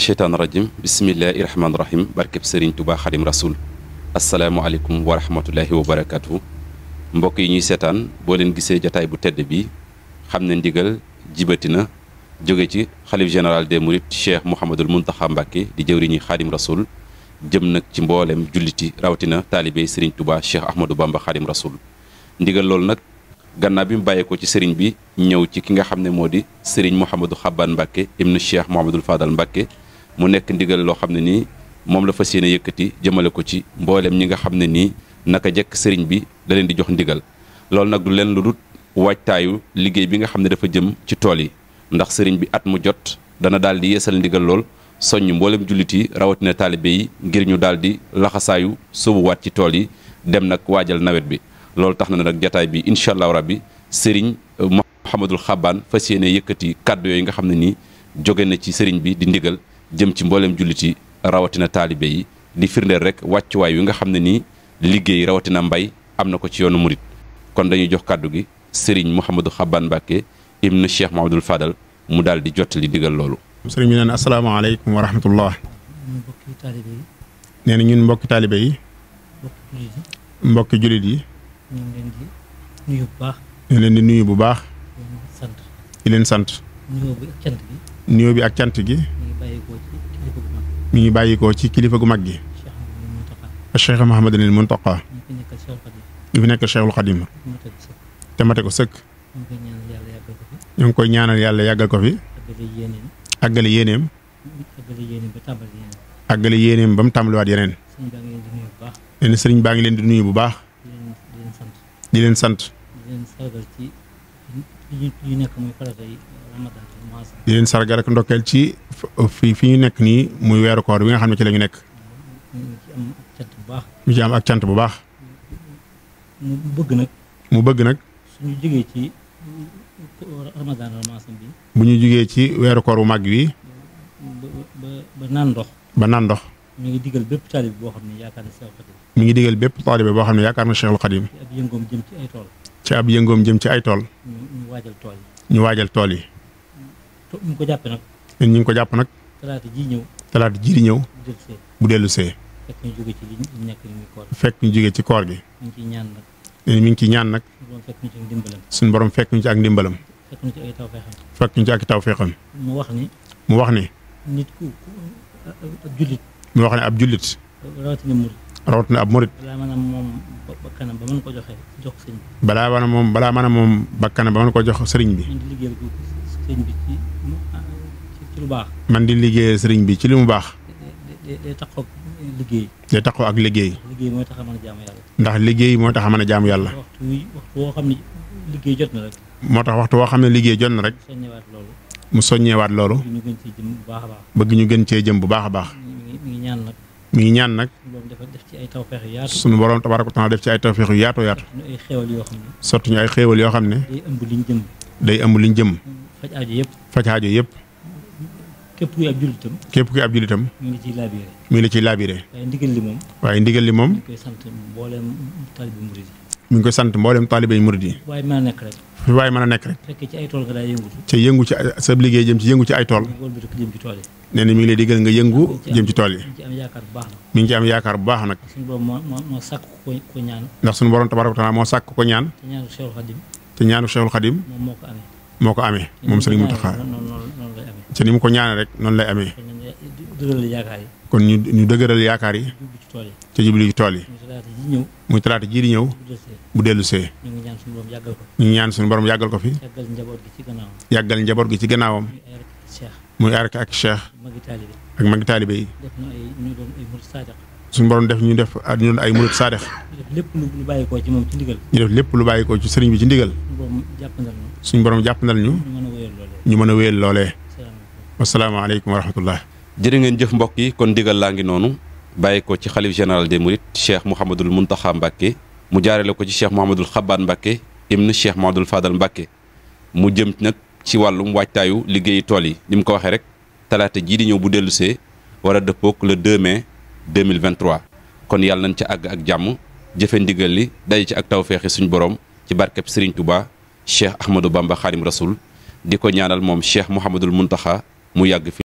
cheytaan rajim bisimillahi irahmaan rahim barkeb sëriñ tubaa xadim rasul asalaamualeykum wa rahmatullahi wa barakatuhu mbokk yi ñuy seetaan boo leen gisee jataay bu tedd bi xam ne ndigal jibati na jóge ci xalif général des mourides cheikh mouhamadul muntaxa mbàkke di jëwriñi xaadim rasul jëm nag ci mboolem julliti rawatina taalibey sëriñ tubaa cheikh ahmadou bamba xaadim rasul ndigal loolu nag gannaaw bi mu bàyyee ko ci sëriñ bi ñëw ci ki nga xam ne moo di sëriñ mouhamadou xabbaan mbàkke ibnu cheikh mouhamadul fadal mbàkke mu nekk ndigal loo xam ne nii moom la fas yéene yëkkati jëmale ko ci mbooleem ñi nga xam ne nii naka jekk sëriñ bi da leen di jox ndigal loolu nag du leen lu dut waajtaayu liggéey bi nga xam ne dafa jëm ci tool yi ndax sëriñ bi at mu jot dana daal di yeesal ndigal lool soññ mbooleem jullit yi rawatina taalibe yi ngir ñu daal di laxasaayu sóobuwaat ci tool yi dem nag waajal nawet bi loolu tax na nag jataay bi incha allahu rabbi sëriñ eh, Mouhamadul Xabaan fas yéene yëkkati kàddu yooyu nga xam ne nii jóge na ci sëriñ bi di ndigal jëm ci mbooleem jullit yi rawatina taalibe yi di firndeel rek wàccuwaay wi nga xam ne nii liggéey rawatina mbay am na ko ci yoonu murit kon dañuy jox kàddu gi sëriñ Mouhamadou Xaban Mbàkke ibnu Cheikh Mahamadul Fadal mu daal di jottali digal loolu sëriñ bi neen asalaamaaleykum wa rahmatullah nee na ñun mbokki taalibe yi mbokki jullit yi ñu leen di nuyu bu baax di leen sant nuyoo bi ak cant gi mu ngi bàyyikoo ci kilifa gu mag gi. Cheikh Mouhamadul Mountakha. ñu fi nekk Cheikhul Khadim. te mate ko sëkk. ñu ngi koy ñaanal yàlla yàggal ko fi. àggale yéeneem. àggale yéeneem ba mu tàmbaliwaat yeneen. nee sëriñ baa ngi leen di nuyu bu baax. di leen sant. yu nekk muy farata leen sargal ak ci fi fi ñu nekk nii muy weeru koor bi nga xam ne ci la nekk. ñu ci am ak cant bu baax. mu bëgg nag. mu bëgg nag. suñu jógee ci ramadan bi. bu ñu jógee ci weeru koor bu mag bi. ba naan ndox. ba naan ndox. mi ngi digal bépp taalibe boo xam ne yaakaar na Seexul Xadim. mi ngi digal bépp taalibe xam ne yaakaar na Seexul ci ab yëngoom jëm ci ay tool. ñu waajal tool yi. ñu waajal tool yi. ñu ngi ko jàpp nag. ñu ngi ko jàpp nag. talaata ji ji di ñëw. bu dellu see. fekk ñu jóge ci li ñu koor gi. fekk ñu ngi ciy ñaan nag. mi ngi borom fekk ñu ci ak ndimbalam. fekk ñu ci ak tawfeexam. mu wax ni. mu wax ni. ab jullit. mu wax ab jullit. bakkanam ba mën balaa mën moom balaa mën moom bakkanam ba mën ko jox sëriñ bi. Ah, man di liggéeyal sëriñ bi ci ci baax. man li mu baax. day day ak liggéey. liggéey ndax liggéey moo tax a jaamu yàlla. na rek. moo tax waxtu woo xam ne liggéey jot na rek. mu soññeewaat loolu. loolu. bëgg ñu gën cee jëm bu baax a baax. mi ngi ñaan nag suñu sunu borom tabaaraka taala def ci ay tawféex yu yaatu yaatu. sotti ñu ay xéewal yoo xam ne. day ëmb liñ jëm. day ëmb jëm. faj aajo yëpp. faj aajo yëpp. képp kuy ab jullitam. képp kuy ab jullitam. mi ngi ciy laabiré. mi ngi la ciy laabiré. waaye ndigal li moom. waaye ndigal li moom. ñu sant mboolem taalibe murid yi. mi ngi koy sant mboolem taalibe murid yi. waaye mën a mën a nekk rek. fekkee ci ay tool nga daal ca yëngu ci sa liggéey jëm ci yëngu ci ay tool. nee na mi ngi lay digal nga yëngu jëm ci tool yi. mu ngi ci am yaakaar bu baax nag. ndax suñu borom tabaaraka wa taala moo sàkk ko ñaan. te ñaanu Cheikhul Khadim. moo ko amee moom sëriñ Mountakha ca ni mu ko ñaanee rek noonu lay amee. kon ñu dëgëral yaakaar yi. te jublu ci tool yi. di ñëw muy talaata ji di ñëw bu dellu see ñu ñaan suñu borom yàggal ko ñu borom ko fi yàggal njaboot gi ci gannaawam gi muy ak cheikh ak magi taalibe yi suñu borom def ñu def ñu doon ay murid saadex lu ci ci ndigal ñu def lépp lu bàyyi ko ci sëriñ bi ci ndigal suñu borom jàppandal ñu ñu mën a wéyal loolee wasalaamaaleykum wa rahmatullah jërë ngeen jëf mbokk yi kon ndigal laa ngi noonu bàyyi ko ci xalif général des mourides cheikh mouhamadul muntaxa mbàkke mu jaarale ko ci cheikh mouhamadul xabaan mbàkke ibnu cheikh mouhamadul fadal mbàkke mu jëm nag ci wàllum waajtaayu liggéeyu tool yi ni ko waxee rek talaata jii di ñëw bu dellusee war a dëppook le 2 mai 2023 kon yàlla nañ ca àgg ak jàmm jëfe ndigal li daje ci ak tawféexi suñu borom ci barkeb Serigne Touba cheikh ahmadou bamba xaadim rasul di ko ñaanal moom cheikh mouhamadul muntaxa mu yàgg fi